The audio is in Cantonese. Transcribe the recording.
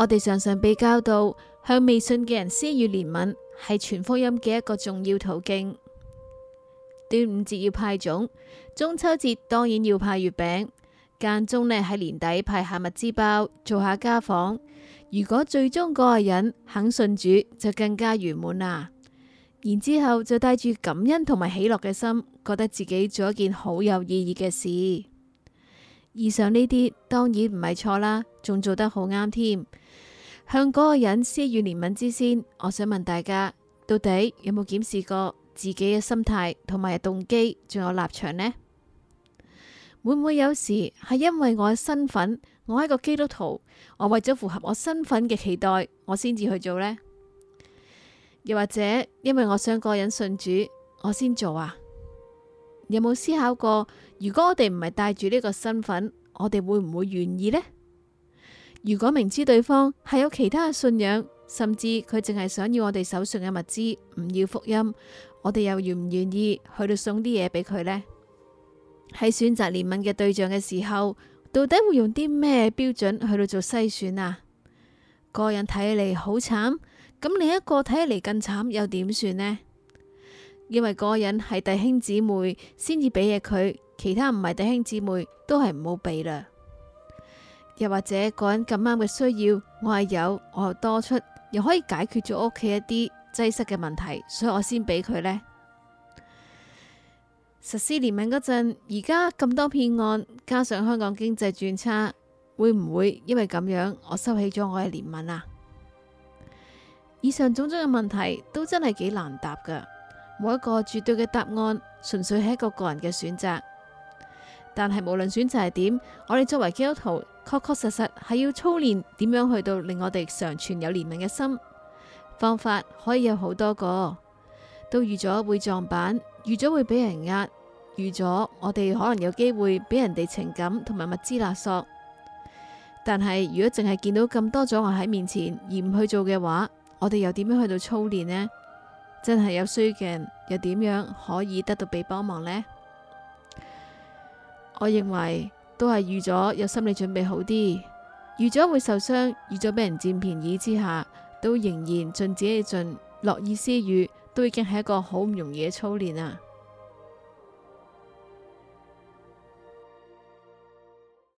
我哋常常被教導向未信嘅人施與憐憫，係傳福音嘅一個重要途徑。端午節要派粽，中秋節當然要派月餅，間中呢，喺年底派下物資包，做下家訪。如果最終嗰個人肯信主，就更加圓滿啦。然之後就帶住感恩同埋喜樂嘅心，覺得自己做一件好有意義嘅事。以上呢啲當然唔係錯啦，仲做得好啱添。向嗰個人施予憐憫之先，我想問大家，到底有冇檢視過自己嘅心態同埋動機，仲有立場呢？會唔會有時係因為我嘅身份，我係個基督徒，我為咗符合我身份嘅期待，我先至去做呢？又或者因為我想個人信主，我先做啊？有冇思考過，如果我哋唔係帶住呢個身份，我哋會唔會願意呢？如果明知對方係有其他嘅信仰，甚至佢淨係想要我哋手上嘅物資，唔要福音，我哋又願唔願意去到送啲嘢俾佢呢？喺選擇憐憫嘅對象嘅時候，到底會用啲咩標準去到做篩選啊？個人睇起嚟好慘，咁另一個睇起嚟更慘，又點算呢？因為嗰個人係弟兄姊妹先至俾嘢佢，其他唔係弟兄姊妹都係唔好俾啦。又或者個人咁啱嘅需要，我係有，我又多出，又可以解決咗屋企一啲擠塞嘅問題，所以我先俾佢呢。實施憐憫嗰陣，而家咁多騙案，加上香港經濟轉差，會唔會因為咁樣我收起咗我嘅憐憫啊？以上種種嘅問題都真係幾難答噶。冇一個絕對嘅答案，純粹係一個個人嘅選擇。但係無論選擇係點，我哋作為基督徒，確確實實係要操練點樣去到令我哋常存有憐憫嘅心。方法可以有好多個，都預咗會撞板，預咗會俾人呃，預咗我哋可能有機會俾人哋情感同埋物資勒索。但係如果淨係見到咁多阻礙喺面前而唔去做嘅話，我哋又點樣去到操練呢？真係有需要嘅人又點樣可以得到被幫忙呢？我認為都係預咗有心理準備好啲，預咗會受傷，預咗俾人佔便宜之下，都仍然盡自己嘅盡，樂意施予，都已經係一個好唔容易嘅操練啊！